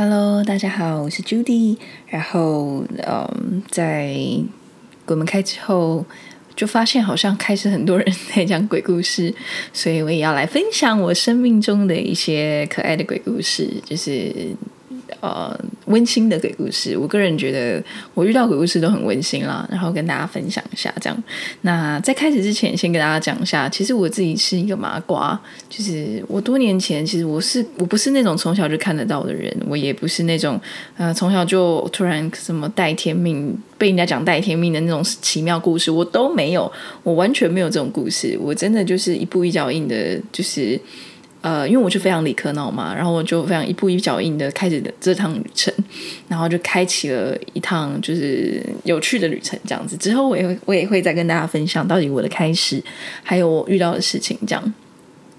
Hello，大家好，我是 Judy。然後，嗯，在鬼門開之後，就發現好像開始很多人在講鬼故事，所以我也要來分享我生命中的一些可愛的鬼故事，就是。呃，溫馨的鬼故事，我個人覺得我遇到鬼故事都很溫馨啦，然後跟大家分享一下這樣。那在開始之前，先跟大家講一下，其實我自己是一個麻瓜，就是我多年前其實我是我不是那種從小就看得到的人，我也不是那種呃從小就突然什麼帶天命被人家講帶天命的那種奇妙故事，我都沒有，我完全沒有這種故事，我真的就是一步一腳印的，就是。呃，因為我是非常理科腦嘛，然後我就非常一步一腳印的開始的這趟旅程，然後就開啟了一趟就是有趣的旅程這樣子。之後我也會，我也會再跟大家分享到底我的開始，還有我遇到的事情這樣。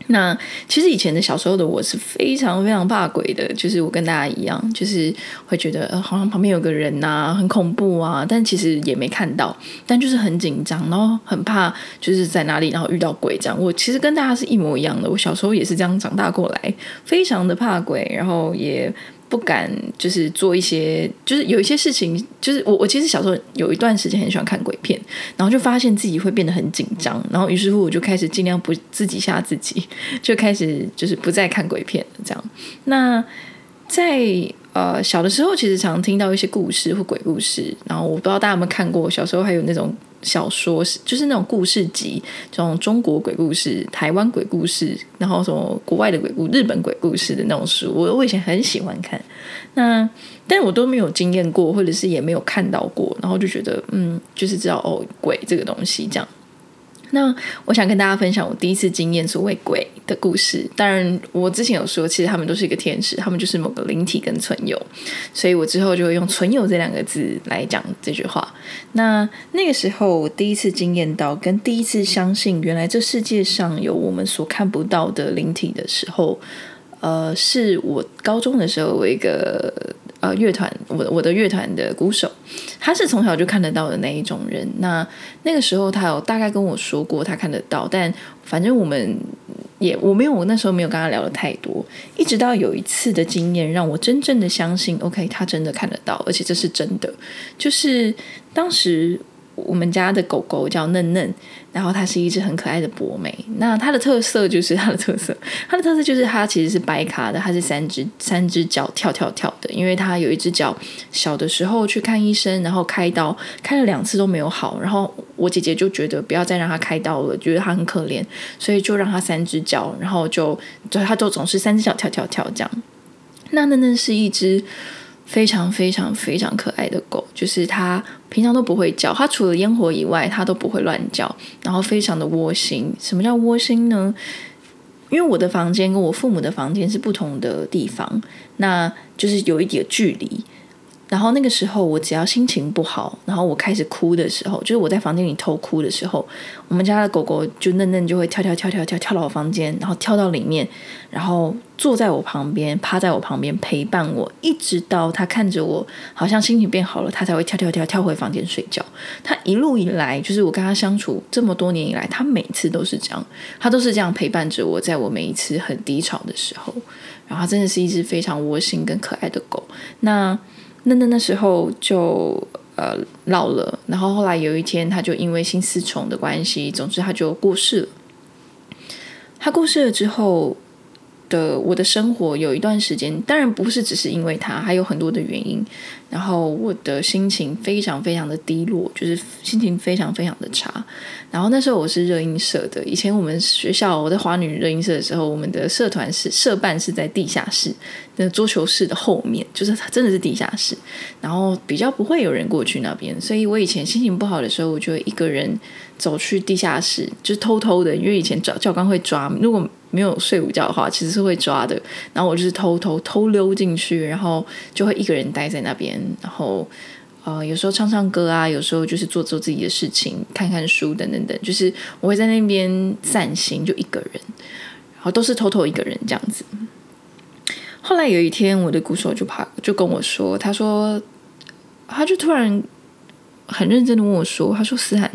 那其實以前的小時候的我是非常非常怕鬼的，就是我跟大家一樣，就是會覺得，呃，好像旁邊有個人吶、啊，很恐怖啊，但其實也沒看到，但就是很緊張，然後很怕，就是在哪裡然後遇到鬼這樣。我其實跟大家是一模一樣的，我小時候也是這樣長大過來，非常的怕鬼，然後也。不敢就是做一些，就是有一些事情，就是我我其實小時候有一段時間很喜歡看鬼片，然後就發現自己會變得很緊張，然後於是乎我就開始儘量不自己嚇自己，就開始就是不再看鬼片這樣。那在呃小的時候，其實常聽到一些故事或鬼故事，然後我不知道大家有沒有看過，小時候還有那種。小說是就是那種故事集，這種中國鬼故事、台灣鬼故事，然後什麼國外的鬼故、日本鬼故事的那種書，我我以前很喜歡看。那但我都沒有經驗過，或者是也沒有看到過，然後就覺得嗯，就是知道哦，鬼這個東西這樣。那我想跟大家分享我第一次經驗所謂鬼的故事。當然，我之前有說，其實他們都是一個天使，他們就是某個靈體跟存有，所以我之後就會用“存有”這兩個字來講這句話。那那個時候，我第一次經驗到，跟第一次相信原來這世界上有我們所看不到的靈體的時候，呃，是我高中的時候有一個。呃，樂團，我我的樂團的鼓手，他是從小就看得到的那一種人。那那個時候，他有大概跟我說過他看得到，但反正我們也我沒有我那時候沒有跟他聊得太多。一直到有一次的經驗，讓我真正的相信，OK，他真的看得到，而且這是真的，就是當時。我們家的狗狗叫嫩嫩，然後它是一隻很可愛的博美。那它的特色就是它的特色，它的特色就是它其實是白卡的，它是三隻三隻腳跳跳跳的，因為它有一隻腳小的時候去看醫生，然後開刀開了兩次都沒有好，然後我姐姐就覺得不要再讓它開刀了，覺得它很可憐，所以就讓它三隻腳，然後就就它就總是三隻腳跳跳跳這樣。那嫩嫩是一隻。非常非常非常可愛的狗，就是它平常都不會叫，它除了煙火以外，它都不會亂叫，然後非常的窩心。什麼叫窩心呢？因為我的房間跟我父母的房間是不同的地方，那就是有一點距離。然後那個時候，我只要心情不好，然後我開始哭的時候，就是我在房間裡偷哭的時候，我們家的狗狗就嫩嫩就會跳跳跳跳跳，跳到我房間，然後跳到裡面，然後坐在我旁邊，趴在我旁邊陪伴我，一直到它看着我好像心情變好了，它才會跳跳跳跳回房間睡覺。它一路以來，就是我跟它相處這麼多年以來，它每次都是這樣，它都是這樣陪伴着我，在我每一次很低潮的時候，然後真的是一隻非常窩心跟可愛的狗。那那那那時候就呃老了，然後後來有一天他就因為心絲蟲的關係，總之他就過世了。他過世了之後，的我的生活有一段時間，當然不是只是因為他，還有很多的原因。然後我的心情非常非常的低落，就是心情非常非常的差。然後那時候我是熱音社的，以前我們學校我在華女熱音社的時候，我們的社團是社辦是在地下室，那桌球室的後面，就是它真的是地下室。然後比較不會有人過去那邊，所以我以前心情不好的時候，我就一個人走去地下室，就是偷偷的，因為以前教教官會抓，如果。沒有睡午覺的話，其實是會抓的。然後我就是偷偷偷溜進去，然後就會一個人待在那邊。然後呃，有時候唱唱歌啊，有時候就是做做自己的事情，看看書等等等。就是我會在那邊散心，就一個人，然後都是偷偷一個人這樣子。後來有一天，我的鼓手就怕，就跟我說：“他說，他就突然很認真的問我說：他說思涵，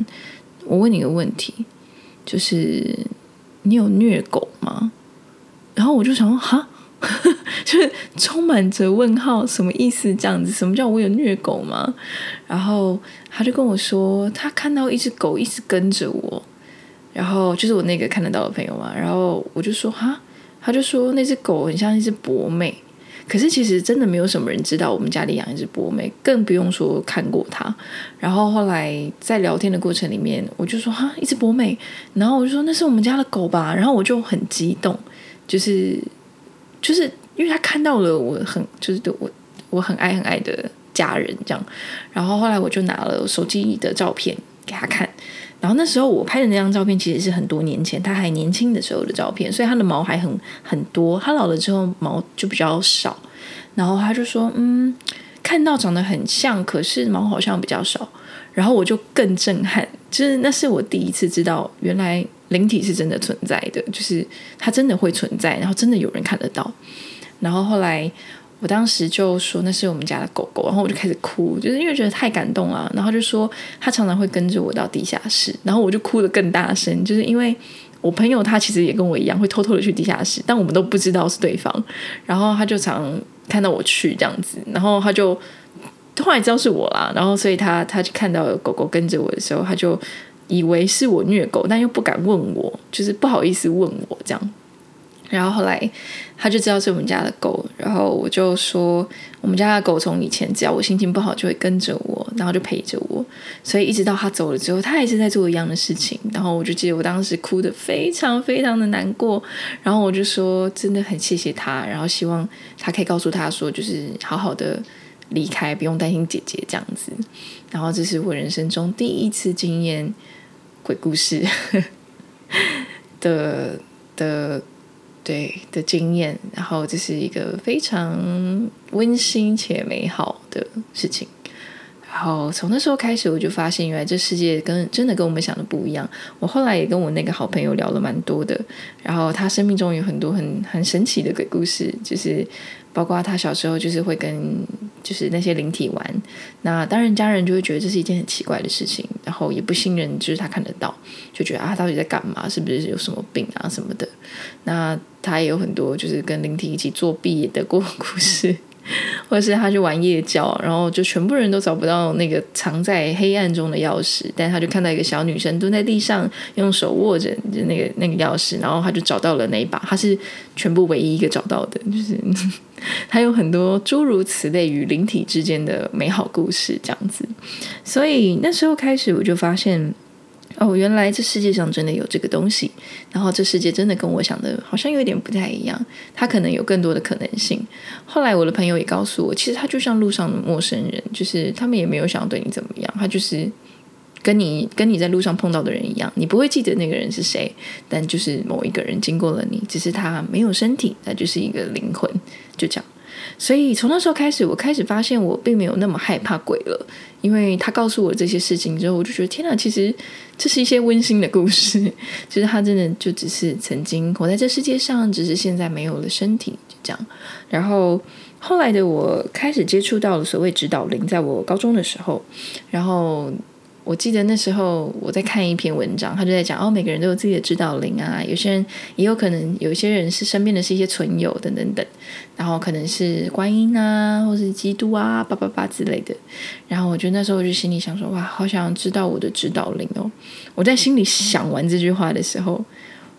我問你個問題，就是。”你有虐狗嗎？然後我就想說，哈， 就是充滿着問號，什麼意思這樣子？什麼叫我有虐狗嗎？然後他就跟我說，他看到一只狗一直跟着我，然後就是我那個看得到的朋友嘛。然後我就說，哈，他就說那只狗很像一只博美。可是其實真的沒有什麼人知道我們家裡養一隻博美，更不用說看過它。然後後來在聊天的過程裡面，我就說哈，一隻博美。然後我就說那是我們家的狗吧。然後我就很激動，就是就是因為他看到了我很就是對我我很愛很愛的家人這樣。然後後來我就拿了我手機的照片給他看。然後那時候我拍的那張照片其實是很多年前，他還年輕的時候的照片，所以他的毛還很很多。他老了之後毛就比較少。然後他就說：“嗯，看到長得很像，可是毛好像比較少。”然後我就更震撼，就是那是我第一次知道，原來靈體是真的存在的，就是它真的會存在，然後真的有人看得到。然後後來。我當時就說，那是我們家的狗狗，然後我就開始哭，就是因為覺得太感動了啊。然後就說他常常會跟着我到地下室，然後我就哭得更大聲，就是因為我朋友他其實也跟我一樣會偷偷的去地下室，但我們都不知道是對方。然後他就常看到我去這樣子，然後他就突然知道是我啦。然後所以他他就看到狗狗跟着我的時候，他就以為是我虐狗，但又不敢問我，就是不好意思問我這樣。然後後來，他就知道是我們家的狗。然後我就說，我們家的狗從以前只要我心情不好就會跟着我，然後就陪着我。所以一直到他走了之後，他還是在做一樣的事情。然後我就記得我當時哭得非常非常的難過。然後我就說，真的很謝謝他。然後希望他可以告訴他說，就是好好的離開，不用擔心姐姐這樣子。然後這是我人生中第一次經驗鬼故事的的。對的經驗，然後這是一個非常溫馨且美好的事情。然後從那時候開始，我就發現原來這世界跟真的跟我們想的不一樣。我後來也跟我那個好朋友聊了蠻多的，然後他生命中有很多很很神奇的鬼故事，就是包括他小時候就是會跟就是那些靈體玩。那當然家人就會覺得這是一件很奇怪的事情，然後也不信任，就是他看得到，就覺得啊，他到底在幹嘛？是不是有什麼病啊什麼的？那他也有很多就是跟靈體一起作弊的鬼故事、嗯。或者是他去玩夜教，然後就全部人都找不到那個藏在黑暗中的鑰匙，但他就看到一個小女生蹲在地上，用手握着那個那個鑰匙，然後他就找到了那一把，他是全部唯一一個找到的，就是他有很多諸如此類與靈體之間的美好故事這樣子，所以那時候開始我就發現。哦，原來這世界上真的有這個東西，然後這世界真的跟我想的好像有點不太一樣，它可能有更多的可能性。後來我的朋友也告訴我，其實他就像路上的陌生人，就是他們也沒有想要對你怎麼樣，他就是跟你跟你在路上碰到的人一樣，你不會記得那個人是誰，但就是某一個人經過了你，只是他沒有身體，他就是一個靈魂，就這樣。所以從那時候開始，我開始發現我並沒有那麼害怕鬼了。因為他告訴我這些事情之後，我就覺得天哪，其實這是一些溫馨的故事。其實他真的就只是曾經活在這世界上，只是現在沒有了身體，就這樣。然後後來的我開始接觸到了所謂指導靈，在我高中的時候，然後。我記得那時候我在看一篇文章，他就在講哦，每個人都有自己的指導靈啊，有些人也有可能，有一些人是身邊的是一些存有等等等，然後可能是觀音啊，或是基督啊，叭叭叭之類的。然後我覺得那時候我就心裡想說，哇，好想知道我的指導靈哦。我在心裡想完這句話的時候，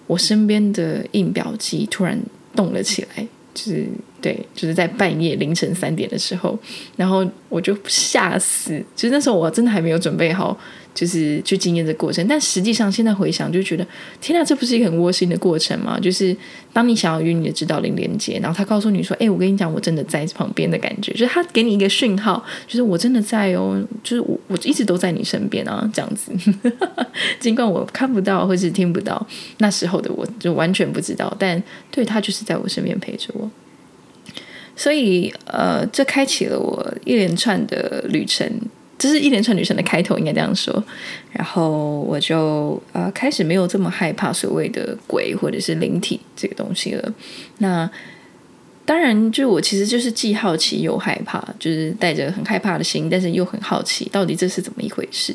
我身邊的印表機突然動了起來，就是。對，就是在半夜凌晨三點的時候，然後我就嚇死。其實那時候我真的還沒有準備好，就是去經驗這過程。但實際上現在回想，就覺得天哪，這不是一個很窩心的過程嗎？就是當你想要與你的指導靈連接，然後他告訴你說：“欸，我跟你講，我真的在旁邊的感覺。”就是他給你一個訊號，就是我真的在哦，就是我我一直都在你身邊啊，這樣子。 儘管我看不到或是聽不到，那時候的我就完全不知道，但對他就是在我身邊陪着我。所以，呃，這開啟了我一連串的旅程，這是一連串旅程的開頭，應該這樣說。然後我就呃開始沒有這麼害怕所謂的鬼或者是靈體這個東西了。那當然，就我其實就是既好奇又害怕，就是帶着很害怕的心，但是又很好奇到底這是怎麼一回事。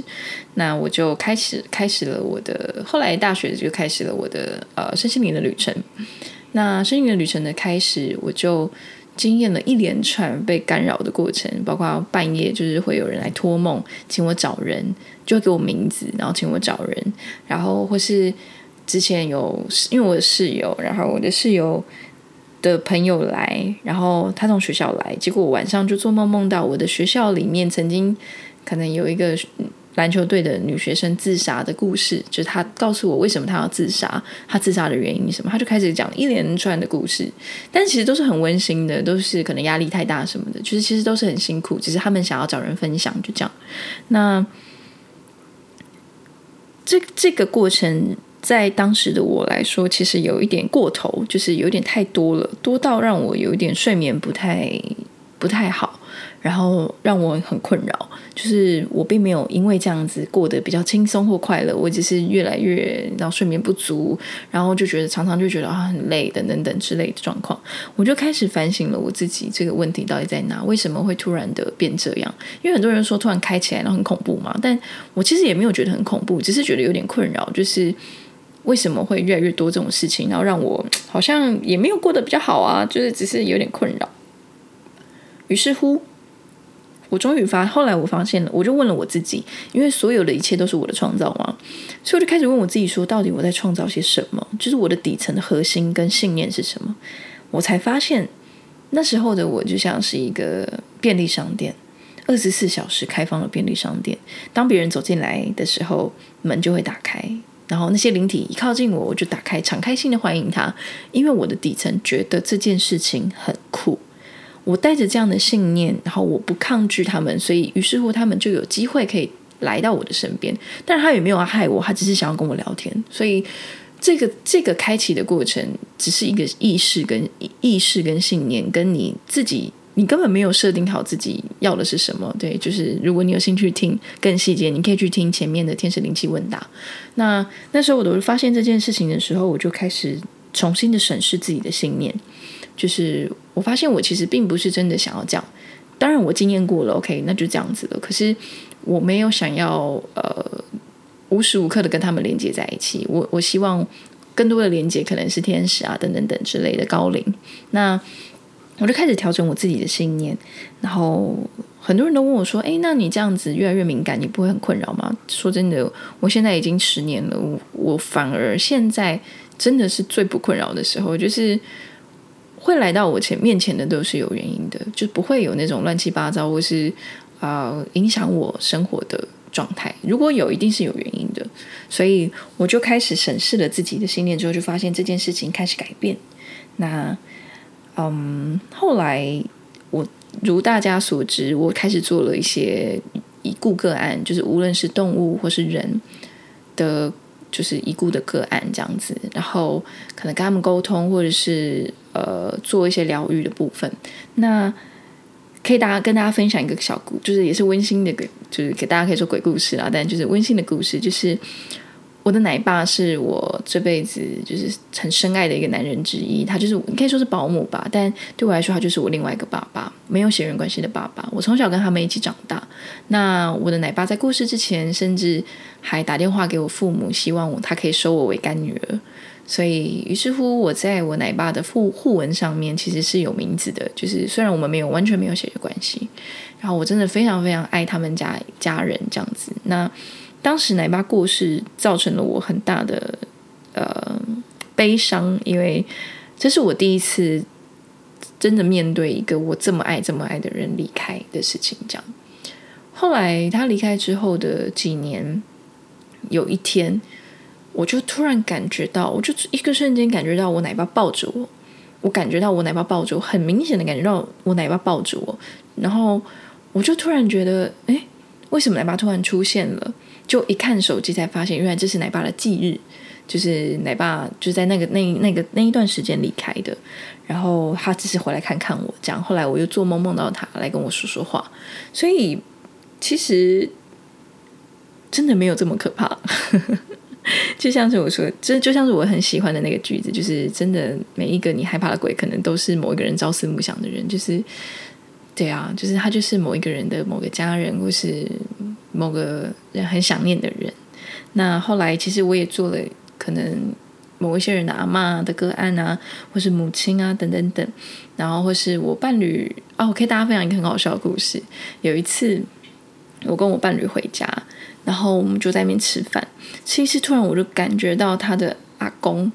那我就開始開始了我的，後來大學就開始了我的呃身心靈的旅程。那身心靈旅程的開始，我就。經驗了一連串被干擾的過程，包括半夜就是會有人來托夢，請我找人，就會給我名字，然後請我找人，然後或是之前有因為我的室友，然後我的室友的朋友來，然後他從學校來，結果我晚上就做夢，夢到我的學校裡面曾經可能有一個。籃球隊的女學生自殺的故事，就是她告訴我為什麼她要自殺，她自殺的原因是什麼，她就開始講一連串的故事，但其實都是很溫馨的，都是可能壓力太大什麼的，就是其實都是很辛苦，只是他們想要找人分享，就這樣。那這這個過程在當時的我來說，其實有一點過頭，就是有點太多了，多到讓我有一點睡眠不太不太好。然後讓我很困擾，就是我並沒有因為這樣子過得比較輕鬆或快樂，我只是越來越然後睡眠不足，然後就覺得常常就覺得啊很累等等等之類的狀況，我就開始反省了我自己這個問題到底在哪？為什麼會突然的變這樣？因為很多人說突然開起來然後很恐怖嘛，但我其實也沒有覺得很恐怖，只是覺得有點困擾，就是為什麼會越來越多這種事情，然後讓我好像也沒有過得比較好啊，就是只是有點困擾。於是乎。我終於發，後來我發現了，我就問了我自己，因為所有的一切都是我的創造嘛，所以我就開始問我自己說，到底我在創造些什麼？就是我的底層的核心跟信念是什麼？我才發現，那時候的我就像是一個便利商店，二十四小時開放的便利商店。當別人走進來的時候，門就會打開，然後那些靈體一靠近我，我就打開，敞開心的歡迎他，因為我的底層覺得這件事情很酷。我帶着這樣的信念，然後我不抗拒他們，所以於是乎他們就有機會可以來到我的身邊。但他也沒有害我，他只是想要跟我聊天。所以這個這個開啟的過程，只是一個意識跟、跟意識、跟信念，跟你自己，你根本沒有設定好自己要的是什麼。對，就是如果你有興趣聽更細節，你可以去聽前面的天使靈氣問答。那那時候我都發現這件事情的時候，我就開始重新的審視自己的信念，就是。我發現我其實並不是真的想要這樣，當然我經驗過了，OK，那就這樣子了。可是我沒有想要呃無時無刻的跟他們連接在一起。我我希望更多的連接可能是天使啊等等等之類的高靈。那我就開始調整我自己的信念。然後很多人都問我說：“哎，那你這樣子越來越敏感，你不會很困擾嗎？”說真的，我現在已經十年了，我我反而現在真的是最不困擾的時候，就是。會來到我前面前的都是有原因的，就不會有那種亂七八糟或是啊、呃、影響我生活的狀態。如果有，一定是有原因的。所以我就開始審視了自己的信念，之後就發現這件事情開始改變。那嗯，後來我如大家所知，我開始做了一些已故個案，就是無論是動物或是人的。就是已故的個案這樣子，然後可能跟他們溝通，或者是呃做一些療癒的部分。那可以大家跟大家分享一個小故，就是也是溫馨的給，就是給大家可以說鬼故事啊，但就是溫馨的故事，就是。我的奶爸是我這輩子就是很深愛的一個男人之一，他就是你可以說是保姆吧，但對我來說，他就是我另外一個爸爸，沒有血緣關係的爸爸。我從小跟他們一起長大。那我的奶爸在過世之前，甚至還打電話給我父母，希望我他可以收我為乾女兒。所以，於是乎，我在我奶爸的訃訃文上面其實是有名字的，就是雖然我們沒有完全沒有血緣關係，然後我真的非常非常愛他們家家人這樣子。那。當時奶爸過世，造成了我很大的呃悲傷，因為這是我第一次真的面對一個我這麼愛、這麼愛的人離開的事情。這樣，後來他離開之後的幾年，有一天，我就突然感覺到，我就一個瞬間感覺到我奶爸抱着我，我感覺到我奶爸抱着我，很明顯的感覺到我奶爸抱着我，然後我就突然覺得，誒。為什麼奶爸突然出現了？就一看手機才發現，原來這是奶爸的忌日，就是奶爸就在那個那那個那一段時間離開的，然後他只是回來看看我，這樣。後來我又做夢夢到他來跟我說說話，所以其實真的沒有這麼可怕。 就像是我說，這就，就像是我很喜歡的那個句子，就是真的每一個你害怕的鬼，可能都是某一個人朝思暮想的人，就是。對啊，就是他，就是某一個人的某個家人，或是某個人很想念的人。那後來，其實我也做了可能某一些人的阿嬤的個案啊，或是母親啊，等等等。然後或是我伴侶，哦、啊，我可以大家分享一個很好笑的故事。有一次，我跟我伴侶回家，然後我們就在外面吃飯，吃一吃，突然我就感覺到他的阿公，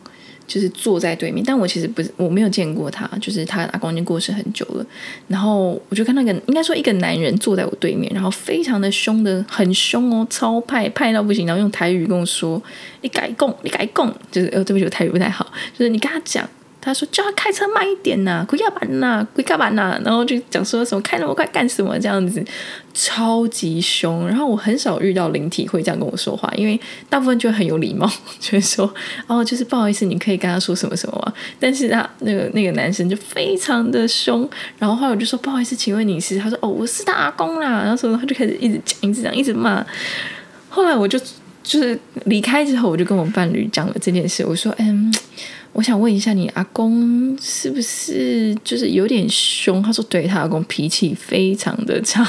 就是坐在對面，但我其實不是，我沒有見過他。就是他阿公已經過世很久了，然後我就看那個，應該說一個男人坐在我對面，然後非常的凶的，很凶哦，超派派到不行，然後用台語跟我說：“你改供，你改供。”就是呃、哦，對不起，我台語不太好，就是你跟他講。他說：“叫他開車慢一點吶、啊，龜殼板吶，龜殼板吶。”然後就講說：“什麼開那麼快幹什麼？”這樣子超級兇。然後我很少遇到靈體會這樣跟我說話，因為大部分就很有禮貌，就是說：“哦，就是不好意思，你可以跟他說什麼什麼嗎？”但是他那個那個男生就非常的兇。然後後來我就說：“不好意思，請問你是？”他說：“哦，我是他阿公啦。”然後說他就開始一直講，一直講，一直罵。後來我就就是離開之後，我就跟我伴侶講了這件事。我說：“嗯。”我想問一下你，你阿公是不是就是有點凶？他說：“對，他阿公脾氣非常的差。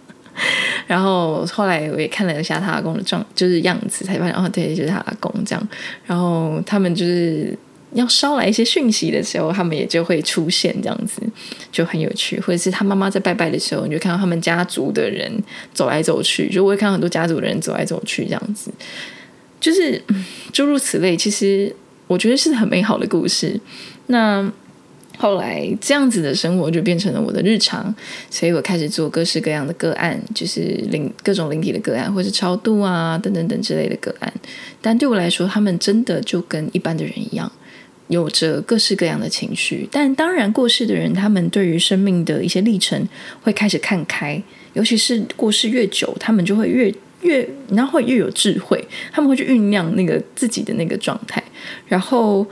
”然後後來我也看了一下他阿公的狀，就是樣子，才發現哦，對，就是他阿公這樣。然後他們就是要捎來一些訊息的時候，他們也就會出現這樣子，就很有趣。或者是他媽媽在拜拜的時候，你就看到他們家族的人走來走去，就會看到很多家族的人走來走去，這樣子就是諸如此類。其實。我覺得是很美好的故事。那後來這樣子的生活就變成了我的日常，所以我開始做各式各樣的個案，就是靈各種靈體的個案，或是超度啊等等等之類的個案。但對我來說，他們真的就跟一般的人一樣，有着各式各樣的情緒。但當然，過世的人他們對於生命的一些歷程會開始看開，尤其是過世越久，他們就會越。越然後，會越有智慧，他們會去醞釀那個自己的那個狀態。然後，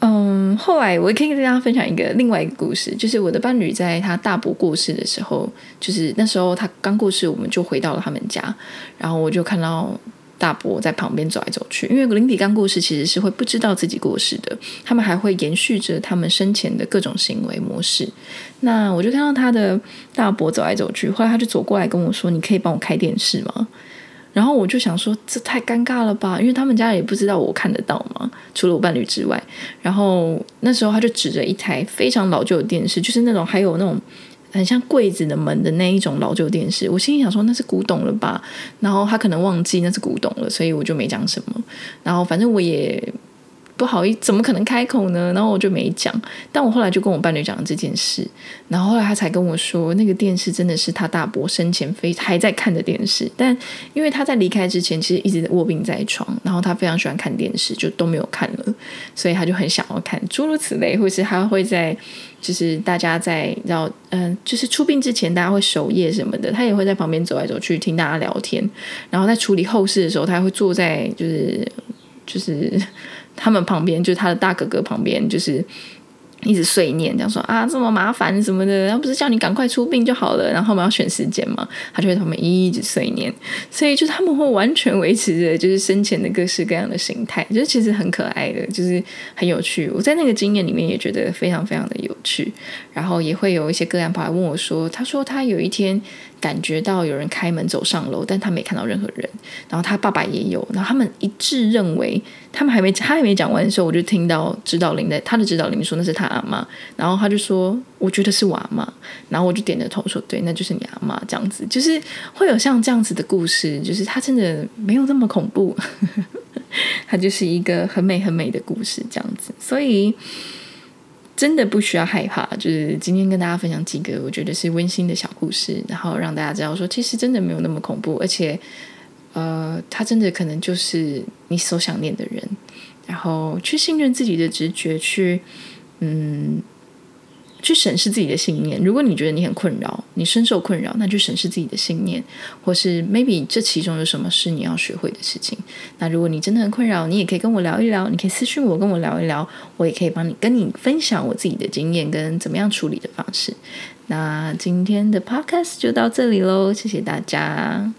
嗯，後來我也可以跟大家分享一個另外一個故事，就是我的伴侶在他大伯過世的時候，就是那時候他剛過世，我們就回到了他們家，然後我就看到。大伯在旁邊走來走去，因為靈體剛過世其實是會不知道自己過世的，他們還會延續着他們生前的各種行為模式。那我就看到他的大伯走來走去，後來他就走過來跟我說：“你可以幫我開電視嗎？”然後我就想說：“這太尷尬了吧？”因為他們家也不知道我看得到嘛？除了我伴侶之外。然後那時候他就指着一台非常老舊的電視，就是那種還有那種。很像櫃子的門的那一種老舊電視，我心裡想說那是古董了吧，然後他可能忘記那是古董了，所以我就沒講什麼，然後反正我也。不好意思，怎麼可能開口呢？然後我就沒講。但我後來就跟我伴侶講了這件事，然後後來他才跟我說，那個電視真的是他大伯生前非還在看的電視。但因為他在離開之前，其實一直臥病在床，然後他非常喜歡看電視，就都沒有看了，所以他就很想要看。諸如此類，或是他會在，就是大家在，然後嗯，就是出殯之前，大家會守夜什麼的，他也會在旁邊走來走去聽大家聊天。然後在處理後事的時候，他會坐在，就是，就是就是。他們旁邊就是他的大哥哥旁，旁邊就是一直碎念，講說啊這麼麻煩什麼的，他不是叫你趕快出殯就好了。然後我們要選時間嘛，他就會他們一一直碎念，所以就他們會完全維持着就是生前的各式各樣的形態，就是其實很可愛的，就是很有趣。我在那個經驗裡面也覺得非常非常的有趣，然後也會有一些個案跑來問我說，他說他有一天。感覺到有人開門走上樓，但他沒看到任何人。然後他爸爸也有，然後他們一致認為，他們還沒他還沒講完的時候，我就聽到指導靈的他的指導靈說那是他阿媽，然後他就說我覺得是我阿媽，然後我就點着頭說對，那就是你阿媽這樣子，就是會有像這樣子的故事，就是他真的沒有那麼恐怖， 他就是一個很美很美的故事這樣子，所以。真的不需要害怕，就是今天跟大家分享幾個我覺得是溫馨的小故事，然後讓大家知道說，其實真的沒有那麼恐怖，而且，呃，他真的可能就是你所想念的人，然後去信任自己的直覺，去，嗯。去審視自己的信念。如果你覺得你很困擾，你深受困擾，那就審視自己的信念，或是 maybe 這其中有什麼是你要學會的事情。那如果你真的很困擾，你也可以跟我聊一聊，你可以私信我跟我聊一聊，我也可以幫你跟你分享我自己的經驗跟怎麼樣處理的方式。那今天的 podcast 就到這裡嘍，謝謝大家。